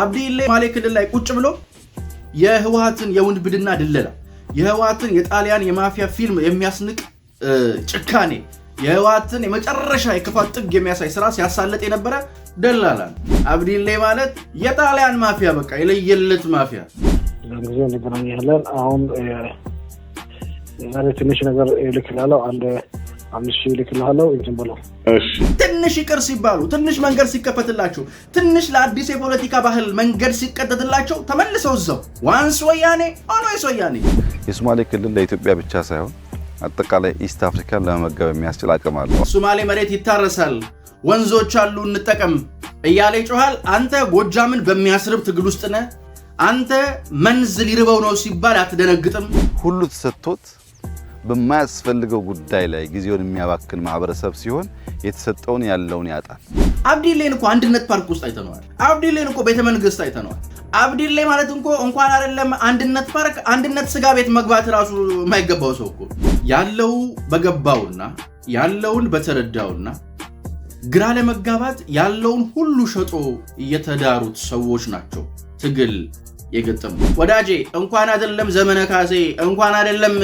አብዲኢሌ ማሌ ክልል ላይ ቁጭ ብሎ የህወሀትን የውንብድና ድለላ የህወሀትን የጣሊያን የማፊያ ፊልም የሚያስንቅ ጭካኔ የህወሀትን የመጨረሻ የክፋት ጥግ የሚያሳይ ስራ ሲያሳለጥ የነበረ ደላላ አብዲሌ ማለት የጣሊያን ማፊያ በቃ የለየለት ማፊያ። ጊዜ እንገናኛለን። አሁን ትንሽ ነገር ልክ ላለው አንድ አምስት ሺህ እልክልሃለሁ። እንትን ብለው ትንሽ ይቅር ሲባሉ ትንሽ መንገድ ሲከፈትላቸው ትንሽ ለአዲስ የፖለቲካ ባህል መንገድ ሲቀደድላቸው ተመልሰው እዛው ዋንስ ወያኔ ኦልዌይስ ወያኔ። የሶማሌ ክልል ለኢትዮጵያ ብቻ ሳይሆን አጠቃላይ ኢስት አፍሪካን ለመመገብ የሚያስችል አቅም አለ። ሶማሌ መሬት ይታረሳል፣ ወንዞች አሉ፣ እንጠቀም እያለ ይጮሃል። አንተ ጎጃምን በሚያስርብ ትግል ውስጥ ነህ። አንተ መንዝ ሊርበው ነው ሲባል አትደነግጥም። ሁሉ ተሰጥቶት በማያስፈልገው ጉዳይ ላይ ጊዜውን የሚያባክን ማህበረሰብ ሲሆን የተሰጠውን ያለውን ያጣል። አብዲሌን እኮ አንድነት ፓርክ ውስጥ አይተነዋል። አብዲሌን እኮ ቤተ መንግስት አይተነዋል። አብዲሌ ማለት እንኮ እንኳን አይደለም አንድነት ፓርክ አንድነት ስጋ ቤት መግባት ራሱ የማይገባው ሰው እኮ ያለው በገባውና ያለውን በተረዳውና ግራ ለመጋባት ያለውን ሁሉ ሸጦ የተዳሩት ሰዎች ናቸው ትግል የገጠሙ ወዳጄ እንኳን አይደለም ዘመነ ካሴ እንኳን አይደለም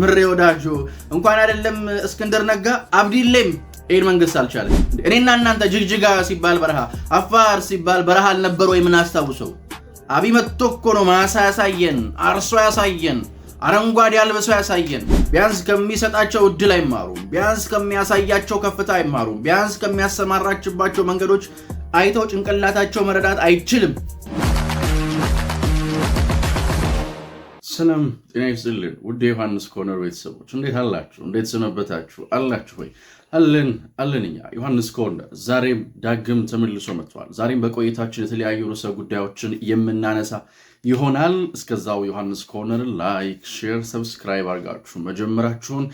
ምሬ ወዳጆ እንኳን አይደለም እስክንድር ነጋ አብዲሌም ይህን መንግስት አልቻለም። እኔና እናንተ ጅግጅጋ ሲባል በረሃ፣ አፋር ሲባል በረሃ አልነበረ ወይ? አስታውሰው አብይ መጥቶ እኮ ነው ማሳ ያሳየን፣ አርሶ ያሳየን፣ አረንጓዴ አልብሶ ያሳየን። ቢያንስ ከሚሰጣቸው እድል አይማሩም። ቢያንስ ከሚያሳያቸው ከፍታ አይማሩም። ቢያንስ ከሚያሰማራችባቸው መንገዶች አይተው ጭንቅላታቸው መረዳት አይችልም። ሰላም ጤና ይስጥልን ውድ የዮሐንስ ኮርነር ቤተሰቦች እንዴት አላችሁ? እንዴት ሰነበታችሁ? አላችሁ ወይ? አለን አለን። እኛ ዮሐንስ ኮርነር ዛሬም ዳግም ተመልሶ መጥቷል። ዛሬም በቆይታችን የተለያዩ ርዕሰ ጉዳዮችን የምናነሳ ይሆናል። እስከዛው ዮሐንስ ኮነር ላይክ፣ ሼር፣ ሰብስክራይብ አድርጋችሁ መጀመራችሁን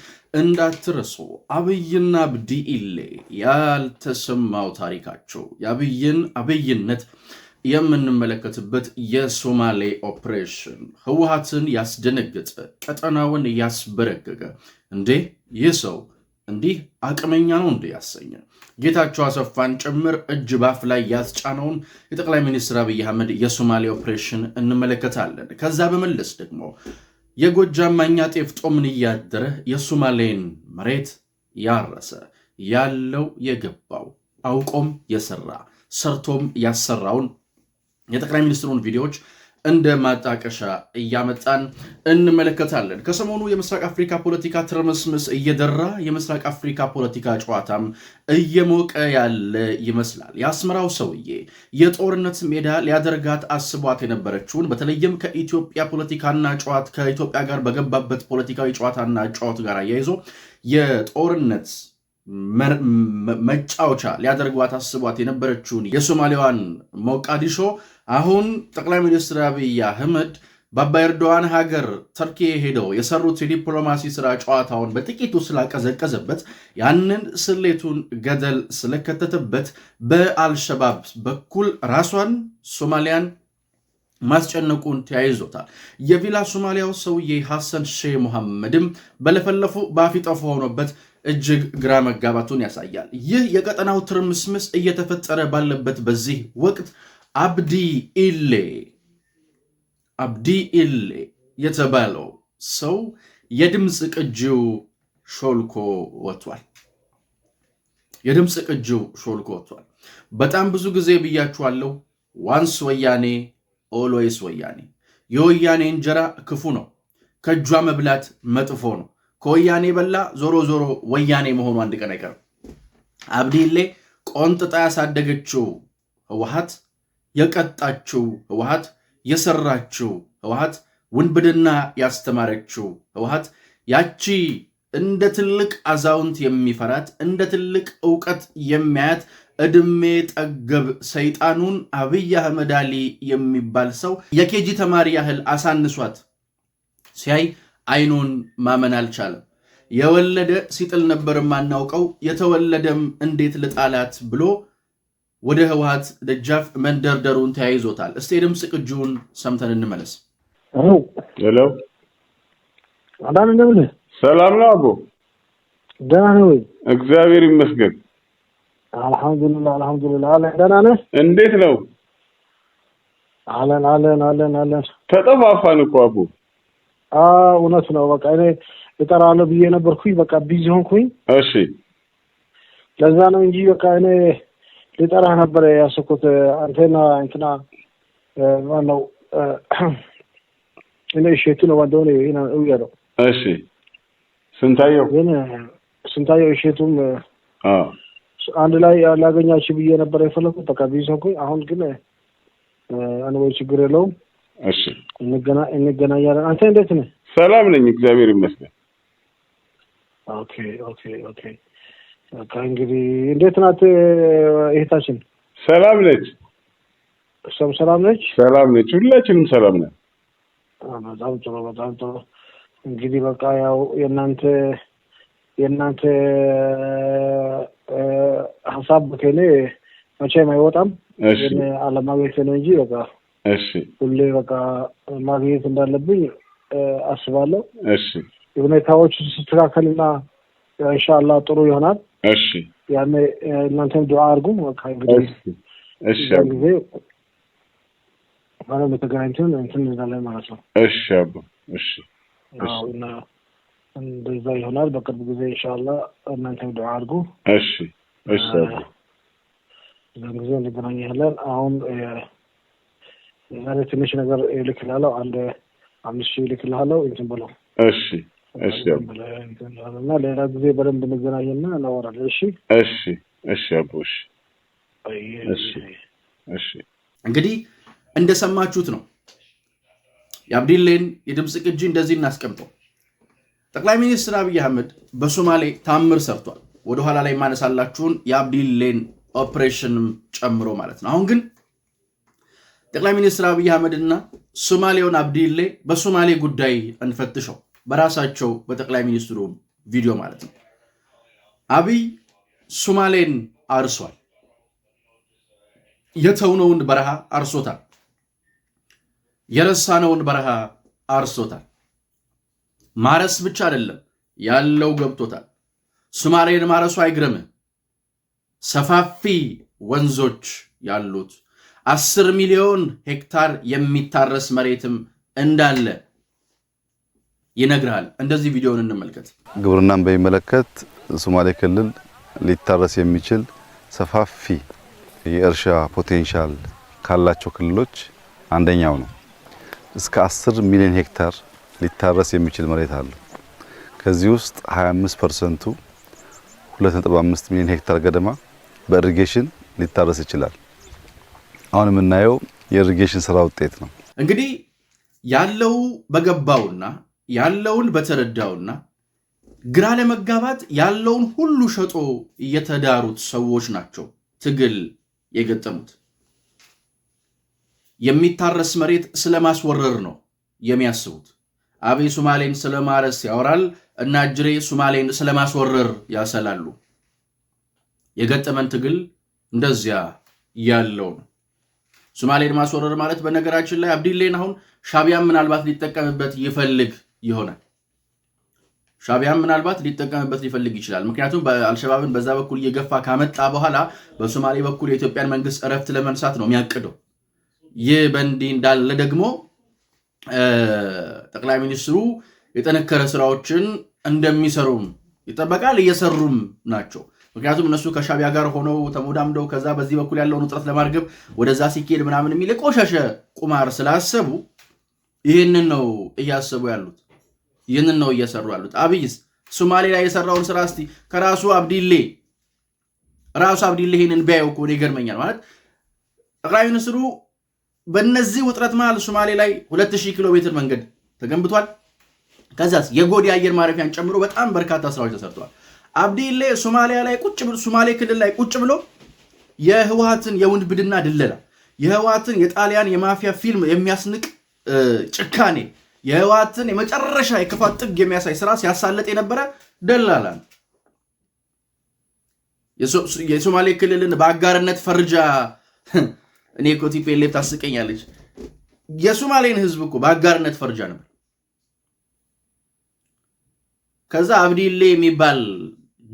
እንዳትረሱ። አብይና አብዲ ኢሌ ያልተሰማው ታሪካቸው የአብይን አብይነት የምንመለከትበት የሶማሌ ኦፕሬሽን ህወሓትን ያስደነገጠ ቀጠናውን ያስበረገገ እንዴ ይህ ሰው እንዲህ አቅመኛ ነው እንዴ ያሰኘ ጌታቸው አሰፋን ጭምር እጅ ባፍ ላይ ያስጫነውን የጠቅላይ ሚኒስትር አብይ አህመድ የሶማሌ ኦፕሬሽን እንመለከታለን። ከዛ በመለስ ደግሞ የጎጃም ማኛ ጤፍ ጦምን እያደረ የሶማሌን መሬት ያረሰ ያለው የገባው አውቆም የሰራ ሰርቶም ያሰራውን የጠቅላይ ሚኒስትሩን ቪዲዮዎች እንደ ማጣቀሻ እያመጣን እንመለከታለን። ከሰሞኑ የምስራቅ አፍሪካ ፖለቲካ ትርምስምስ እየደራ የምስራቅ አፍሪካ ፖለቲካ ጨዋታም እየሞቀ ያለ ይመስላል። የአስመራው ሰውዬ የጦርነት ሜዳ ሊያደርጋት አስቧት የነበረችውን በተለይም ከኢትዮጵያ ፖለቲካና ጨዋት ከኢትዮጵያ ጋር በገባበት ፖለቲካዊ ጨዋታና ጨዋት ጋር አያይዞ የጦርነት መጫወቻ ሊያደርጓት አስቧት የነበረችውን የሶማሊያዋን ሞቃዲሾ አሁን ጠቅላይ ሚኒስትር አብይ አህመድ በአባ ኤርዶዋን ሀገር ተርኪ ሄደው የሰሩት የዲፕሎማሲ ስራ ጨዋታውን በጥቂቱ ስላቀዘቀዘበት ያንን ስሌቱን ገደል ስለከተተበት በአልሸባብ በኩል ራሷን ሶማሊያን ማስጨነቁን ተያይዞታል። የቪላ ሶማሊያው ሰውዬ ሐሰን ሼህ መሐመድም በለፈለፉ በአፊጠፉ ሆኖበት እጅግ ግራ መጋባቱን ያሳያል። ይህ የቀጠናው ትርምስምስ እየተፈጠረ ባለበት በዚህ ወቅት አብዲ ኢሌ አብዲ ኢሌ የተባለው ሰው የድምፅ ቅጂው ሾልኮ ወጥቷል። የድምፅ ቅጂው ሾልኮ ወጥቷል። በጣም ብዙ ጊዜ ብያችኋለሁ። ዋንስ ወያኔ ኦልዌይስ ወያኔ። የወያኔ እንጀራ ክፉ ነው። ከእጇ መብላት መጥፎ ነው። ከወያኔ በላ ዞሮ ዞሮ ወያኔ መሆኑ አንድ ቀን አይቀርም። አብዲ ኢሌ ቆንጥጣ ያሳደገችው ህወሓት የቀጣችው ህወሓት የሰራችው ህወሓት ውንብድና ያስተማረችው ህወሓት ያቺ እንደ ትልቅ አዛውንት የሚፈራት እንደ ትልቅ እውቀት የሚያያት እድሜ ጠገብ ሰይጣኑን አብይ አህመድ አሊ የሚባል ሰው የኬጂ ተማሪ ያህል አሳንሷት ሲያይ አይኑን ማመን አልቻለም። የወለደ ሲጥል ነበር ማናውቀው የተወለደም እንዴት ልጣላት ብሎ ወደ ህወሀት ደጃፍ መንደርደሩን ተያይዞታል። እስቲ የድምፅ ቅጂውን ሰምተን እንመለስ። አዳን ሰላም ነው? አቦ ደህና ነው ወይ? እግዚአብሔር ይመስገን። አልሐምዱሊላ አልሐምዱሊላ። አለን ደህና ነህ? እንዴት ነው? አለን አለን አለን አለን። ተጠፋፋን እኮ አቦ። እውነት ነው። በቃ እኔ እጠራለሁ ብዬ ነበርኩኝ፣ በቃ ቢዚ ሆንኩኝ። እሺ ለዛ ነው እንጂ በቃ እኔ ሊጠራህ ነበረ ያሰብኩት አንተና እንትና ማነው እኔ እሸቱ ነው ዋንደሆነ ይና እውያለው እሺ ስንታየው ግን ስንታየው እሸቱም አንድ ላይ ላገኛችሁ ብዬ ነበረ የፈለኩት በቃ ቢዚ ሆንኩኝ። አሁን ግን አንወይ ችግር የለውም። እሺ እንገና እንገናኛለን። አንተ እንዴት ነህ? ሰላም ነኝ፣ እግዚአብሔር ይመስገን። ኦኬ ኦኬ ኦኬ በቃ እንግዲህ እንዴት ናት እህታችን? ሰላም ነች። እሷም ሰላም ነች። ሰላም ነች። ሁላችንም ሰላም ነን። በጣም ጥሩ፣ በጣም ጥሩ። እንግዲህ በቃ ያው የእናንተ የእናንተ ሀሳብ ከኔ መቼም አይወጣም፣ ግን አለማግኘት ነው እንጂ በቃ ሁሌ በቃ ማግኘት እንዳለብኝ አስባለሁ። ሁኔታዎች ስትካከልና ኢንሻላህ ጥሩ ይሆናል። እሺ ያኔ እናንተም ዱዓ አድርጉ። በቃ ማለት በተገናኝተን እንትን እንላለን ማለት ነው። እሺ አባ እሺ እና እንደዛ ይሆናል። በቅርብ ጊዜ እንሻላ እናንተም ዱዓ አድርጉ። እሺ እሺ አባ በዛን ጊዜ እንገናኛለን። አሁን ዛሬ ትንሽ ነገር ይልክልሃለሁ። አንድ አምስት ሺህ ይልክልሃለሁ። እንትን ብለው እሺ እና ሌላ ጊዜ በደንብ እንገናኝና እናወራለን። እሺ፣ እሺ፣ እሺ አቦ እሺ፣ እሺ። እንግዲህ እንደሰማችሁት ነው። የአብዲሌን የድምፅ ቅጂ እንደዚህ እናስቀምጠው። ጠቅላይ ሚኒስትር አብይ አህመድ በሶማሌ ታምር ሰርቷል። ወደኋላ ላይ ማነሳላችሁን የአብዲሌን ኦፕሬሽንም ጨምሮ ማለት ነው። አሁን ግን ጠቅላይ ሚኒስትር አብይ አህመድና ሶማሌውን አብዲሌ በሶማሌ ጉዳይ እንፈትሸው። በራሳቸው በጠቅላይ ሚኒስትሩ ቪዲዮ ማለት ነው። አብይ ሱማሌን አርሷል። የተውነውን በረሃ አርሶታል። የረሳነውን በረሃ አርሶታል። ማረስ ብቻ አይደለም ያለው ገብቶታል። ሱማሌን ማረሱ አይግረምህ። ሰፋፊ ወንዞች ያሉት አስር ሚሊዮን ሄክታር የሚታረስ መሬትም እንዳለ ይነግራል። እንደዚህ ቪዲዮውን እንመልከት። ግብርናን በሚመለከት ሶማሌ ክልል ሊታረስ የሚችል ሰፋፊ የእርሻ ፖቴንሻል ካላቸው ክልሎች አንደኛው ነው። እስከ 10 ሚሊዮን ሄክታር ሊታረስ የሚችል መሬት አለ። ከዚህ ውስጥ 25 ፐርሰንቱ 2.5 ሚሊዮን ሄክታር ገደማ በኢሪጌሽን ሊታረስ ይችላል። አሁን የምናየው የኢሪጌሽን ስራ ውጤት ነው። እንግዲህ ያለው በገባውና ያለውን በተረዳውና ግራ ለመጋባት ያለውን ሁሉ ሸጦ የተዳሩት ሰዎች ናቸው ትግል የገጠሙት። የሚታረስ መሬት ስለማስወረር ነው የሚያስቡት። አብይ ሱማሌን ስለማረስ ያወራል እና እጅሬ ሱማሌን ስለማስወረር ያሰላሉ። የገጠመን ትግል እንደዚያ ያለው ነው። ሱማሌን ማስወረር ማለት በነገራችን ላይ አብዲሌን አሁን ሻቢያን ምናልባት ሊጠቀምበት ይፈልግ ይሆናል። ሻቢያም ምናልባት ሊጠቀምበት ሊፈልግ ይችላል። ምክንያቱም አልሸባብን በዛ በኩል እየገፋ ካመጣ በኋላ በሶማሌ በኩል የኢትዮጵያን መንግስት እረፍት ለመንሳት ነው የሚያቅደው። ይህ በእንዲህ እንዳለ ደግሞ ጠቅላይ ሚኒስትሩ የጠነከረ ስራዎችን እንደሚሰሩም ይጠበቃል። እየሰሩም ናቸው። ምክንያቱም እነሱ ከሻቢያ ጋር ሆነው ተሞዳምደው ከዛ በዚህ በኩል ያለውን ውጥረት ለማርገብ ወደዛ ሲካሄድ ምናምን የሚል ቆሻሸ ቁማር ስላሰቡ ይህንን ነው እያሰቡ ያሉት። ይህንን ነው እየሰሩ ያሉት። አብይስ ሶማሌ ላይ የሰራውን ስራ እስቲ ከራሱ አብዲሌ ራሱ አብዲሌ ይህንን ቢያየው እኮ ይገርመኛል። ማለት ጠቅላይ ሚኒስትሩ በእነዚህ ውጥረት መሃል ሶማሌ ላይ 2000 ኪሎ ሜትር መንገድ ተገንብቷል። ከዚያስ የጎዲ አየር ማረፊያን ጨምሮ በጣም በርካታ ስራዎች ተሰርተዋል። አብዲሌ ሶማሊያ ላይ ቁጭ ብሎ ሶማሌ ክልል ላይ ቁጭ ብሎ የህወሀትን የውንብድና ድለላ የህወሀትን የጣሊያን የማፊያ ፊልም የሚያስንቅ ጭካኔ የህወሓትን የመጨረሻ የክፋት ጥግ የሚያሳይ ስራ ሲያሳለጥ የነበረ ደላላ ነው። የሶማሌ ክልልን በአጋርነት ፈርጃ እኔ እኮ ቲፒኤልኤፍ ታስቀኛለች። የሶማሌን ህዝብ እኮ በአጋርነት ፈርጃ ነበር። ከዛ አብዲሌ የሚባል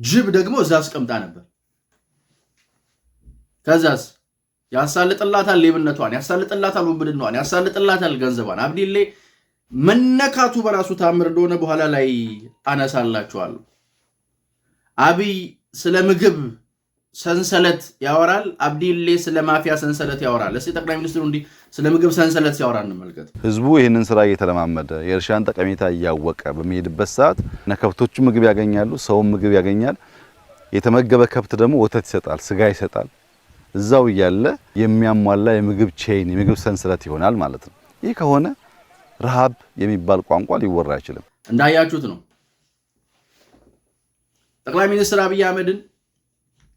ጅብ ደግሞ እዛ አስቀምጣ ነበር። ከዛስ ያሳልጥላታል ሌብነቷን፣ ያሳልጥላታል ውንብድናዋን፣ ያሳልጥላታል ገንዘቧን አብዲሌ መነካቱ በራሱ ታምር እንደሆነ በኋላ ላይ አነሳላችኋለሁ። አብይ ስለ ምግብ ሰንሰለት ያወራል። አብዲሌ ስለ ማፊያ ሰንሰለት ያወራል። እስኪ ጠቅላይ ሚኒስትሩ እንዲህ ስለ ምግብ ሰንሰለት ሲያወራ እንመልከት። ህዝቡ ይህንን ስራ እየተለማመደ የእርሻን ጠቀሜታ እያወቀ በሚሄድበት ሰዓት ነከብቶቹ ምግብ ያገኛሉ፣ ሰውም ምግብ ያገኛል። የተመገበ ከብት ደግሞ ወተት ይሰጣል፣ ስጋ ይሰጣል። እዛው እያለ የሚያሟላ የምግብ ቼይን የምግብ ሰንሰለት ይሆናል ማለት ነው። ይህ ከሆነ ረሃብ የሚባል ቋንቋ ሊወራ አይችልም። እንዳያችሁት ነው ጠቅላይ ሚኒስትር አብይ አህመድን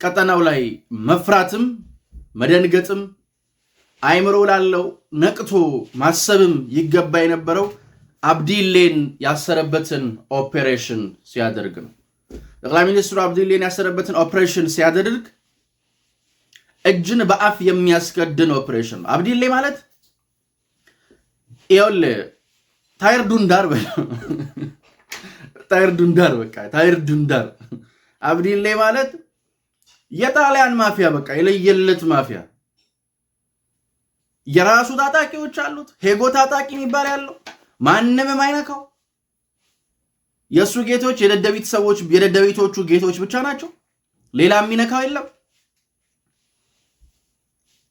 ቀጠናው ላይ መፍራትም መደንገጥም አይምሮ ላለው ነቅቶ ማሰብም ይገባ የነበረው አብዲሌን ያሰረበትን ኦፔሬሽን ሲያደርግ ነው። ጠቅላይ ሚኒስትሩ አብዲሌን ያሰረበትን ኦፕሬሽን ሲያደርግ እጅን በአፍ የሚያስከድን ኦፕሬሽን ነው። አብዲሌ ማለት ይኸውልህ ታይር ዱንዳር በለው ታይር ዱንዳር በቃ ታይር ዱንዳር አብዲሌ ማለት የጣሊያን ማፊያ በቃ የለየለት ማፊያ የራሱ ታጣቂዎች አሉት። ሄጎ ታጣቂ የሚባል ያለው ማንም የማይነካው የእሱ ጌቶች የደደቢት ሰዎች የደደቢቶቹ ጌቶች ብቻ ናቸው። ሌላ የሚነካው የለም።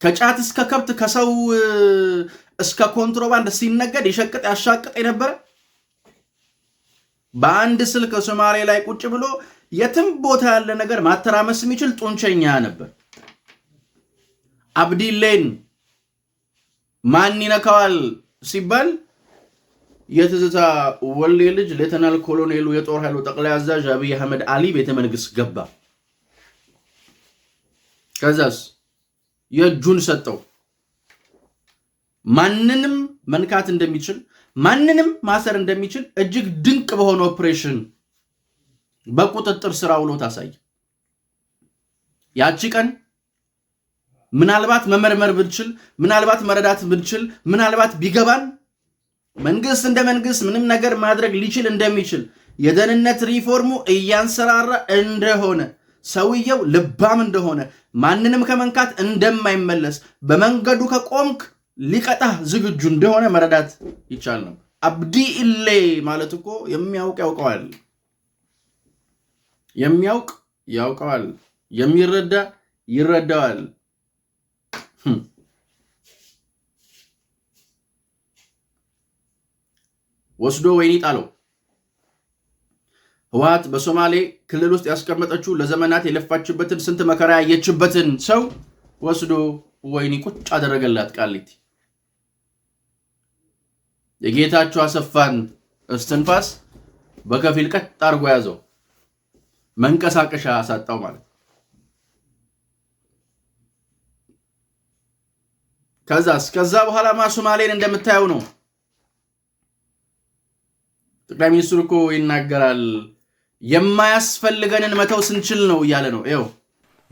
ከጫት እስከ ከብት ከሰው እስከ ኮንትሮባንድ ሲነገድ ይሸቅጥ ያሻቅጥ የነበረ በአንድ ስልክ ሶማሌ ላይ ቁጭ ብሎ የትም ቦታ ያለ ነገር ማተራመስ የሚችል ጡንቸኛ ነበር። አብዲሌን ማን ይነካዋል ሲባል የትዝታ ወሌ ልጅ ሌተናል ኮሎኔሉ የጦር ኃይሉ ጠቅላይ አዛዥ አብይ አህመድ አሊ ቤተ መንግስት ገባ። ከዛስ የእጁን ሰጠው። ማንንም መንካት እንደሚችል ማንንም ማሰር እንደሚችል እጅግ ድንቅ በሆነ ኦፕሬሽን በቁጥጥር ስራ ውሎ ታሳይ ያቺ ቀን ምናልባት መመርመር ብንችል፣ ምናልባት መረዳት ብንችል፣ ምናልባት ቢገባን መንግስት እንደ መንግስት ምንም ነገር ማድረግ ሊችል እንደሚችል የደህንነት ሪፎርሙ እያንሰራራ እንደሆነ ሰውየው ልባም እንደሆነ ማንንም ከመንካት እንደማይመለስ በመንገዱ ከቆምክ ሊቀጣህ ዝግጁ እንደሆነ መረዳት ይቻል ነው። አብዲ ኢሌ ማለት እኮ የሚያውቅ ያውቀዋል፣ የሚያውቅ ያውቀዋል፣ የሚረዳ ይረዳዋል። hm። ወስዶ ወይኒ ጣለው። ህወሓት በሶማሌ ክልል ውስጥ ያስቀመጠችው ለዘመናት የለፋችበትን ስንት መከራ ያየችበትን ሰው ወስዶ ወይኒ ቁጭ አደረገላት ቃሊቲ። የጌታቸው አሰፋን እስትንፋስ በከፊል ቀጥ አድርጎ ያዘው፣ መንቀሳቀሻ አሳጣው ማለት። ከዛስ ከዛ በኋላ ማሶማሌን እንደምታየው ነው። ጠቅላይ ሚኒስትሩ እኮ ይናገራል። የማያስፈልገንን መተው ስንችል ነው እያለ ነው። ይኸው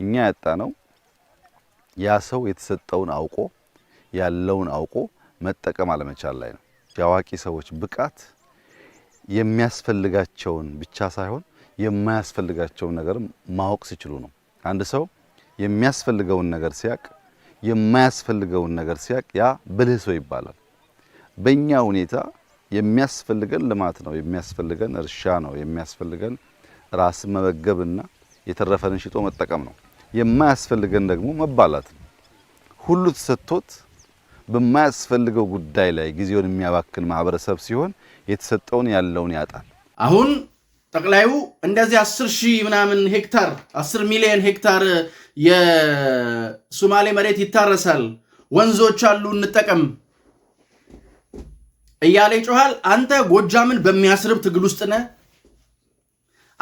እኛ ያጣ ነው ያ ሰው የተሰጠውን አውቆ ያለውን አውቆ መጠቀም አለመቻል ላይ ነው። የአዋቂ ሰዎች ብቃት የሚያስፈልጋቸውን ብቻ ሳይሆን የማያስፈልጋቸውን ነገር ማወቅ ሲችሉ ነው። አንድ ሰው የሚያስፈልገውን ነገር ሲያቅ፣ የማያስፈልገውን ነገር ሲያቅ ያ ብልህ ሰው ይባላል። በእኛ ሁኔታ የሚያስፈልገን ልማት ነው፣ የሚያስፈልገን እርሻ ነው፣ የሚያስፈልገን ራስን መመገብና የተረፈንን ሽጦ መጠቀም ነው። የማያስፈልገን ደግሞ መባላት ነው። ሁሉ ተሰጥቶት በማያስፈልገው ጉዳይ ላይ ጊዜውን የሚያባክል ማህበረሰብ ሲሆን የተሰጠውን ያለውን ያጣል። አሁን ጠቅላዩ እንደዚህ አስር ሺህ ምናምን ሄክታር አስር ሚሊዮን ሄክታር የሱማሌ መሬት ይታረሳል፣ ወንዞች አሉ፣ እንጠቀም እያለ ይጮኋል። አንተ ጎጃምን በሚያስርብ ትግል ውስጥ ነህ።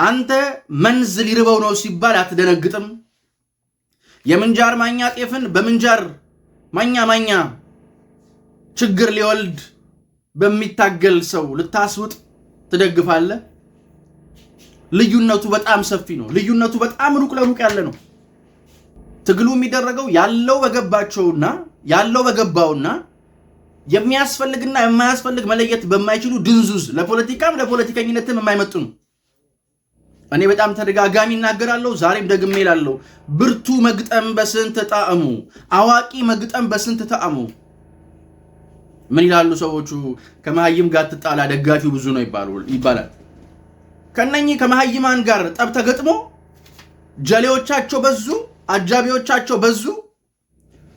አንተ መንዝ ሊርበው ነው ሲባል አትደነግጥም። የምንጃር ማኛ ጤፍን በምንጃር ማኛ ማኛ ችግር ሊወልድ በሚታገል ሰው ልታስውጥ ትደግፋለህ? ልዩነቱ በጣም ሰፊ ነው። ልዩነቱ በጣም ሩቅ ለሩቅ ያለ ነው። ትግሉ የሚደረገው ያለው በገባቸውና ያለው በገባውና የሚያስፈልግና የማያስፈልግ መለየት በማይችሉ ድንዙዝ ለፖለቲካም ለፖለቲከኝነትም የማይመጥኑ እኔ በጣም ተደጋጋሚ እናገራለሁ፣ ዛሬም ደግሜ እላለሁ። ብርቱ መግጠም በስንት ጣዕሙ፣ አዋቂ መግጠም በስንት ጣዕሙ ምን ይላሉ ሰዎቹ? ከመሀይም ጋር ትጣላ ደጋፊው ብዙ ነው ይባላል። ከነኚህ ከመሀይማን ጋር ጠብ ተገጥሞ ጀሌዎቻቸው በዙ፣ አጃቢዎቻቸው በዙ።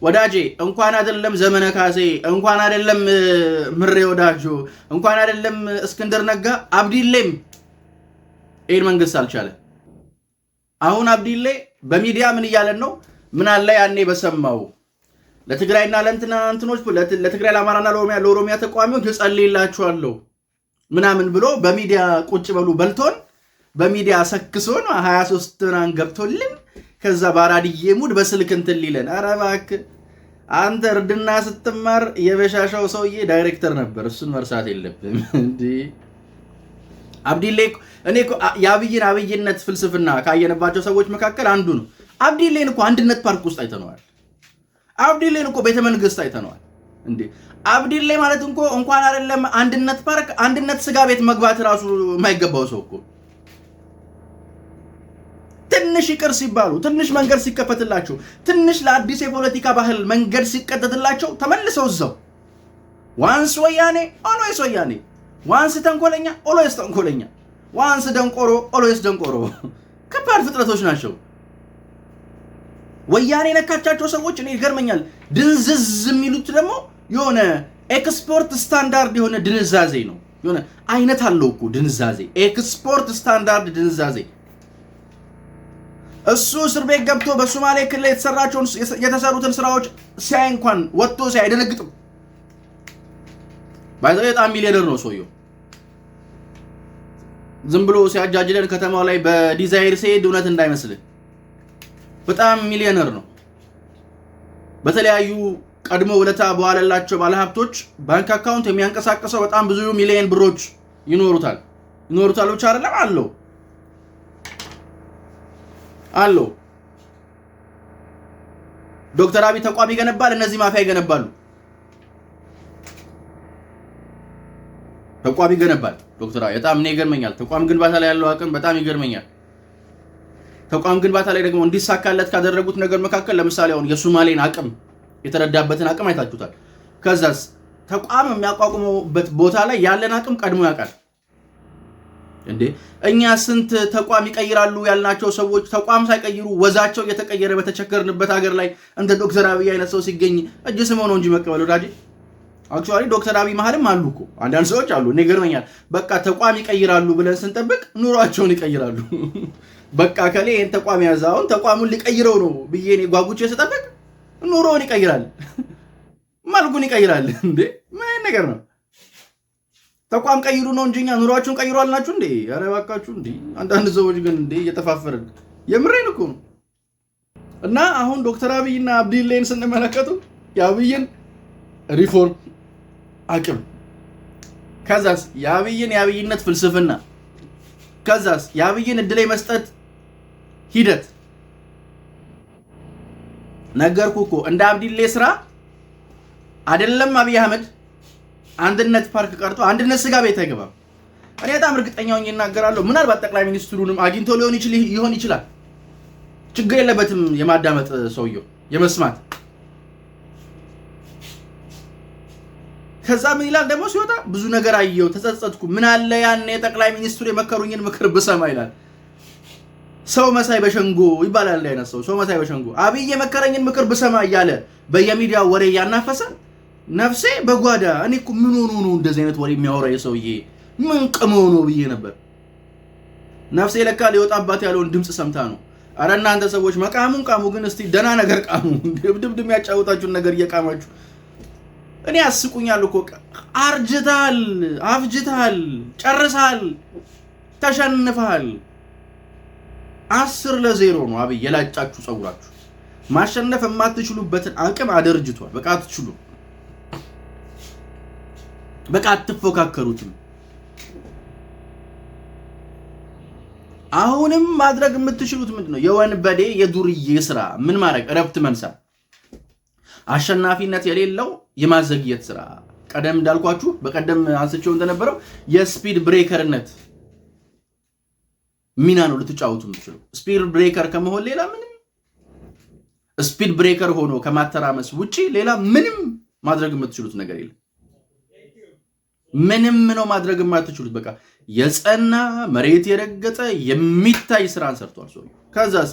ወዳጄ እንኳን አይደለም ዘመነ ካሴ፣ እንኳን አይደለም ምሬ ወዳጆ፣ እንኳን አይደለም እስክንድር ነጋ፣ አብዲሌም ይህን መንግስት አልቻለ። አሁን አብዲሌ በሚዲያ ምን እያለን ነው? ምን አለ ያኔ በሰማው ለትግራይና ለእንትና እንትኖች ለትግራይ ለአማራና ለኦሮሚያ ለኦሮሚያ ተቃዋሚዎች እጸልይላችኋለሁ ምናምን ብሎ በሚዲያ ቁጭ በሉ በልቶን በሚዲያ ሰክሶን ሀያ ሶስት ምናምን ገብቶልን ከዛ በአራድዬ ሙድ በስልክ እንትን ሊለን። ኧረ እባክህ አንተ እርድና ስትማር የበሻሻው ሰውዬ ዳይሬክተር ነበር። እሱን መርሳት የለብም። እንዲህ አብዲሌ እኔ የአብይን አብይነት ፍልስፍና ካየንባቸው ሰዎች መካከል አንዱ ነው። አብዲሌን እኮ አንድነት ፓርክ ውስጥ አይተነዋል። አብዲሌ እኮ ቤተ መንግስት አይተነዋል እንዴ አብዲሌ ማለት እንኮ እንኳን አይደለም አንድነት ፓርክ አንድነት ስጋ ቤት መግባት ራሱ የማይገባው ሰው እኮ ትንሽ ይቅር ሲባሉ ትንሽ መንገድ ሲከፈትላቸው ትንሽ ለአዲስ የፖለቲካ ባህል መንገድ ሲቀጠትላቸው ተመልሰው እዛው ዋንስ ወያኔ ኦሎይስ ወያኔ፣ ዋንስ ተንኮለኛ ኦሎይስ ተንኮለኛ፣ ዋንስ ደንቆሮ ኦሎይስ ደንቆሮ። ከባድ ፍጥረቶች ናቸው። ወያኔ የነካቻቸው ሰዎች እኔ ይገርመኛል። ድንዝዝ የሚሉት ደግሞ የሆነ ኤክስፖርት ስታንዳርድ የሆነ ድንዛዜ ነው። የሆነ አይነት አለው እኮ ድንዛዜ፣ ኤክስፖርት ስታንዳርድ ድንዛዜ። እሱ እስር ቤት ገብቶ በሶማሌ ክልል የተሰራቸውን የተሰሩትን ስራዎች ሲያይ እንኳን ወጥቶ ሲያይ አይደነግጥም። በጣም ሚሊዮነር ነው ሰውየው። ዝም ብሎ ሲያጃጅለን ከተማው ላይ በዲዛይር ሲሄድ እውነት እንዳይመስልህ በጣም ሚሊዮነር ነው። በተለያዩ ቀድሞ ውለታ በዋለላቸው ባለሀብቶች ባንክ አካውንት የሚያንቀሳቀሰው በጣም ብዙ ሚሊዮን ብሮች ይኖሩታል። ይኖሩታል ብቻ አይደለም አለው አለው። ዶክተር አብይ ተቋም ይገነባል፣ እነዚህ ማፊያ ይገነባሉ። ተቋም ይገነባል ዶክተር አብይ በጣም እኔ ይገርመኛል። ተቋም ግንባታ ላይ ያለው አቅም በጣም ይገርመኛል። ተቋም ግንባታ ላይ ደግሞ እንዲሳካለት ካደረጉት ነገር መካከል ለምሳሌ አሁን የሱማሌን አቅም የተረዳበትን አቅም አይታችሁታል። ከዛስ ተቋም የሚያቋቁመበት ቦታ ላይ ያለን አቅም ቀድሞ ያውቃል እንዴ። እኛ ስንት ተቋም ይቀይራሉ ያልናቸው ሰዎች ተቋም ሳይቀይሩ ወዛቸው እየተቀየረ በተቸገርንበት ሀገር ላይ እንደ ዶክተር አብይ አይነት ሰው ሲገኝ እጅ ስም ሆነው እንጂ መቀበል ወዳጅ አክቹዋሊ ዶክተር አብይ መሀልም አሉ እኮ አንዳንድ ሰዎች አሉ። እኔ ገርመኛል። በቃ ተቋም ይቀይራሉ ብለን ስንጠብቅ ኑሯቸውን ይቀይራሉ። በቃ ከሌ ይህን ተቋም ያዘ፣ አሁን ተቋሙን ሊቀይረው ነው ብዬ እኔ ጓጉቼ ስጠብቅ ኑሮውን ይቀይራል፣ መልኩን ይቀይራል። እንዴ ምን ነገር ነው? ተቋም ቀይሩ ነው እንጂ እኛ ኑሯችሁን ቀይሩ አልናችሁ እንዴ? ኧረ እባካችሁ። እንዲ አንዳንድ ሰዎች ግን እንዴ እየተፋፈርን የምሬን እኮ ነው። እና አሁን ዶክተር አብይና አብዲሌን ስንመለከቱ የአብይን ሪፎርም አቅም ከዛስ የአብይን የአብይነት ፍልስፍና ከዛስ የአብይን እድል መስጠት ሂደት ነገርኩ እኮ እንደ አብዲሌ ስራ አይደለም። አብይ አህመድ አንድነት ፓርክ ቀርቶ አንድነት ስጋ ቤት አይገባም። እኔ በጣም እርግጠኛ ሆኜ እናገራለሁ። ምናልባት ጠቅላይ ሚኒስትሩንም አግኝቶ ሊሆን ይሆን ይችላል። ችግር የለበትም የማዳመጥ ሰውየው የመስማት ከዛ ምን ይላል ደግሞ ሲወጣ ብዙ ነገር አየው፣ ተጸጸትኩ። ምን አለ ያን ጠቅላይ ሚኒስትሩ የመከሩኝን ምክር ብሰማ ይላል። ሰው መሳይ በሸንጎ ይባላል። እንዲህ አይነት ሰው ሰው መሳይ በሸንጎ አብይ የመከረኝን ምክር ብሰማ እያለ በየሚዲያ ወሬ እያናፈሰ ነፍሴ በጓዳ እኔ እኮ ምን ሆኖ ነው እንደዚህ አይነት ወሬ የሚያወራ የሰውዬ ምን ቅመው ነው ብዬ ነበር። ነፍሴ ለካ ሊወጣባት ያለውን ድምፅ ሰምታ ነው። አረ እናንተ ሰዎች መቃሙን ቃሙ፣ ግን እስቲ ደህና ነገር ቃሙ። ድብድብ ያጫወታችሁን ነገር እየቃማችሁ እኔ አስቁኛል እኮ። አርጅታል፣ አፍጅታል፣ ጨርሳል፣ ተሸንፈሃል። አስር ለዜሮ ነው አብይ የላጫችሁ ጸጉራችሁ ማሸነፍ የማትችሉበትን አቅም አደርጅቷል። በቃ አትችሉ፣ በቃ አትፎካከሩትም። አሁንም ማድረግ የምትችሉት ምንድን ነው? የወንበዴ የዱርዬ ስራ ምን ማድረግ እረፍት መንሳ አሸናፊነት የሌለው የማዘግየት ስራ። ቀደም እንዳልኳችሁ በቀደም አንስቸው እንደነበረው የስፒድ ብሬከርነት ሚና ነው ልትጫወቱ የምትችለው። ስፒድ ብሬከር ከመሆን ሌላ ምንም ስፒድ ብሬከር ሆኖ ከማተራመስ ውጪ ሌላ ምንም ማድረግ የምትችሉት ነገር የለም። ምንም ነው ማድረግ የማትችሉት። በቃ የጸና መሬት የረገጠ የሚታይ ስራን ሰርቷል ሰው። ከዛስ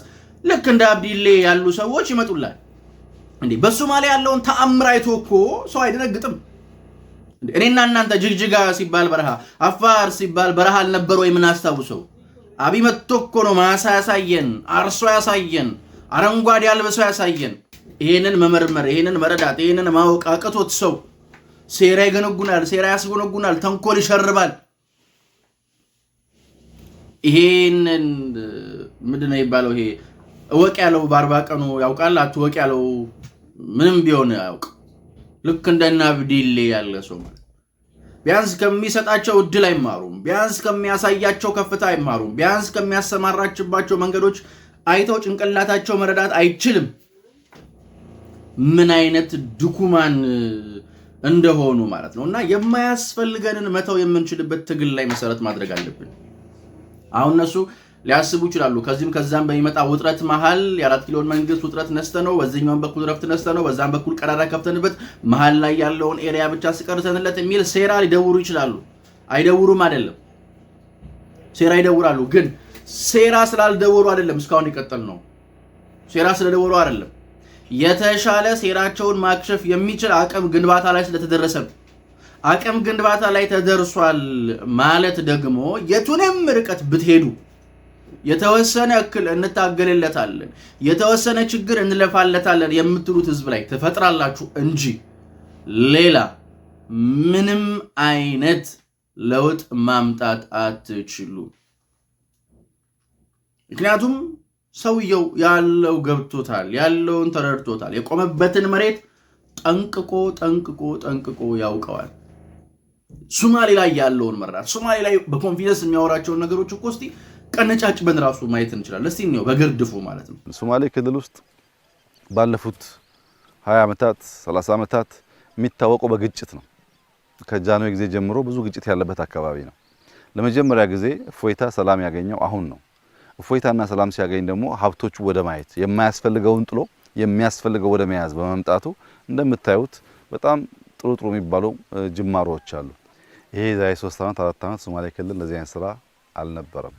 ልክ እንደ አብዲሌ ያሉ ሰዎች ይመጡላል። እንዴ በሶማሊያ ያለውን ተአምር አይቶ እኮ ሰው አይደነግጥም። እኔና እናንተ ጅግጅጋ ሲባል በረሃ፣ አፋር ሲባል በረሃ አልነበረ ወይ የምናስታውሰው? አቢ መጥቶ እኮ ነው ማሳ ያሳየን፣ አርሶ ያሳየን፣ አረንጓዴ አልብሶ ያሳየን። ይህንን መመርመር፣ ይህንን መረዳት፣ ይህንን ማወቅ አቅቶት ሰው ሴራ ይገነጉናል፣ ሴራ ያስጎነጉናል፣ ተንኮል ይሸርባል። ይሄንን ምንድን ነው የሚባለው? ይሄ እወቅ ያለው በአርባ ቀኑ ያውቃል፣ አትወቅ ያለው ምንም ቢሆን ያውቅ። ልክ እንደና ያለ ሰው ማለት ቢያንስ ከሚሰጣቸው እድል አይማሩም። ቢያንስ ከሚያሳያቸው ከፍታ አይማሩም። ቢያንስ ከሚያሰማራችባቸው መንገዶች አይተው ጭንቅላታቸው መረዳት አይችልም ምን አይነት ድኩማን እንደሆኑ ማለት ነው። እና የማያስፈልገንን መተው የምንችልበት ትግል ላይ መሰረት ማድረግ አለብን። አሁን እነሱ ሊያስቡ ይችላሉ። ከዚህም ከዛም በሚመጣ ውጥረት መሀል የአራት ኪሎን መንግስት ውጥረት ነስተ ነው፣ በዚህኛውን በኩል ረፍት ነስተ ነው፣ በዛም በኩል ቀዳዳ ከፍተንበት መሀል ላይ ያለውን ኤሪያ ብቻ ስቀርተንለት የሚል ሴራ ሊደውሩ ይችላሉ። አይደውሩም አይደለም፣ ሴራ ይደውራሉ። ግን ሴራ ስላልደወሩ አይደለም እስካሁን ይቀጠል ነው። ሴራ ስለደወሩ አይደለም፣ የተሻለ ሴራቸውን ማክሸፍ የሚችል አቅም ግንባታ ላይ ስለተደረሰ ነው። አቅም ግንባታ ላይ ተደርሷል ማለት ደግሞ የቱንም ርቀት ብትሄዱ የተወሰነ እክል እንታገልለታለን፣ የተወሰነ ችግር እንለፋለታለን የምትሉት ህዝብ ላይ ትፈጥራላችሁ እንጂ ሌላ ምንም አይነት ለውጥ ማምጣት አትችሉ። ምክንያቱም ሰውየው ያለው ገብቶታል፣ ያለውን ተረድቶታል። የቆመበትን መሬት ጠንቅቆ ጠንቅቆ ጠንቅቆ ያውቀዋል። ሱማሌ ላይ ያለውን መራት ሱማሌ ላይ በኮንፊደንስ የሚያወራቸውን ነገሮች እኮ ቀነጫጭበን ራሱ ማየት እንችላለን። እስቲ ነው በግርድፉ ማለት ነው። ሶማሌ ክልል ውስጥ ባለፉት 20 ዓመታት 30 ዓመታት የሚታወቀው በግጭት ነው። ከጃንሆይ ጊዜ ጀምሮ ብዙ ግጭት ያለበት አካባቢ ነው። ለመጀመሪያ ጊዜ እፎይታ ሰላም ያገኘው አሁን ነው። እፎይታና ሰላም ሲያገኝ ደግሞ ሀብቶቹ ወደ ማየት የማያስፈልገውን ጥሎ የሚያስፈልገው ወደ መያዝ በመምጣቱ እንደምታዩት በጣም ጥሩ ጥሩ የሚባሉ ጅማሮዎች አሉ። ይሄ ዛሬ ሶስት ዓመት አራት ዓመት ሶማሌ ክልል ለዚህ አይነት ስራ አልነበረም።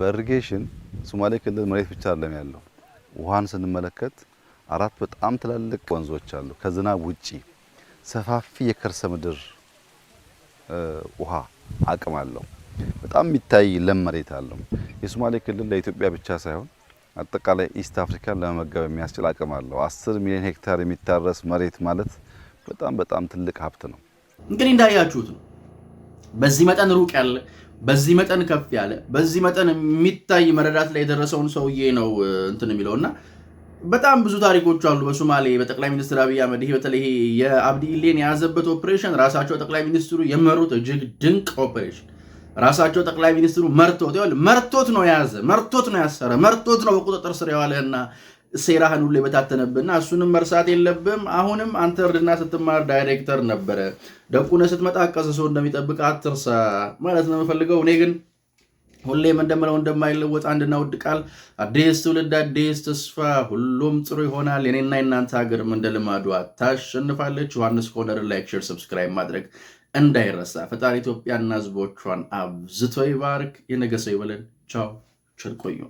በኢሪጌሽን ሶማሌ ክልል መሬት ብቻ አይደለም ያለው። ውሃን ስንመለከት አራት በጣም ትላልቅ ወንዞች አሉ። ከዝናብ ውጪ ሰፋፊ የከርሰ ምድር ውሃ አቅም አለው። በጣም የሚታይ ለም መሬት አለው። የሶማሌ ክልል ለኢትዮጵያ ብቻ ሳይሆን አጠቃላይ ኢስት አፍሪካን ለመመገብ የሚያስችል አቅም አለው። አስር ሚሊዮን ሄክታር የሚታረስ መሬት ማለት በጣም በጣም ትልቅ ሀብት ነው። እንግዲህ እንዳያችሁት ነው በዚህ መጠን ሩቅ ያለ በዚህ መጠን ከፍ ያለ በዚህ መጠን የሚታይ መረዳት ላይ የደረሰውን ሰውዬ ነው እንትን የሚለው እና በጣም ብዙ ታሪኮች አሉ። በሶማሌ በጠቅላይ ሚኒስትር አብይ አህመድ ይሄ በተለይ የአብዲ ኢሌን የያዘበት ኦፕሬሽን ራሳቸው ጠቅላይ ሚኒስትሩ የመሩት እጅግ ድንቅ ኦፕሬሽን ራሳቸው ጠቅላይ ሚኒስትሩ መርቶት ይኸውልህ መርቶት ነው የያዘ መርቶት ነው ያሰረ መርቶት ነው በቁጥጥር ስር የዋለህና ሴራህን ሁሉ የበታተነብና እሱንም መርሳት የለብም። አሁንም አንተ እርድና ስትማር ዳይሬክተር ነበረ ደቁነ ስትመጣ ሰው እንደሚጠብቅ አትርሳ ማለት ነው የምፈልገው። እኔ ግን ሁሌም እንደምለው እንደማይለወጥ አንድና ውድ ቃል አዲስ ትውልድ አዲስ ተስፋ፣ ሁሉም ጥሩ ይሆናል። የኔና የናንተ ሀገርም እንደ ልማዷ ታሸንፋለች። ዮሐንስ ኮርነር ላይክ፣ ሼር፣ ሰብስክራይብ ማድረግ እንዳይረሳ። ፈጣሪ ኢትዮጵያና ህዝቦቿን አብዝቶ ይባርክ። የነገ ይበለን። ቻው፣ ቸር ቆዩ።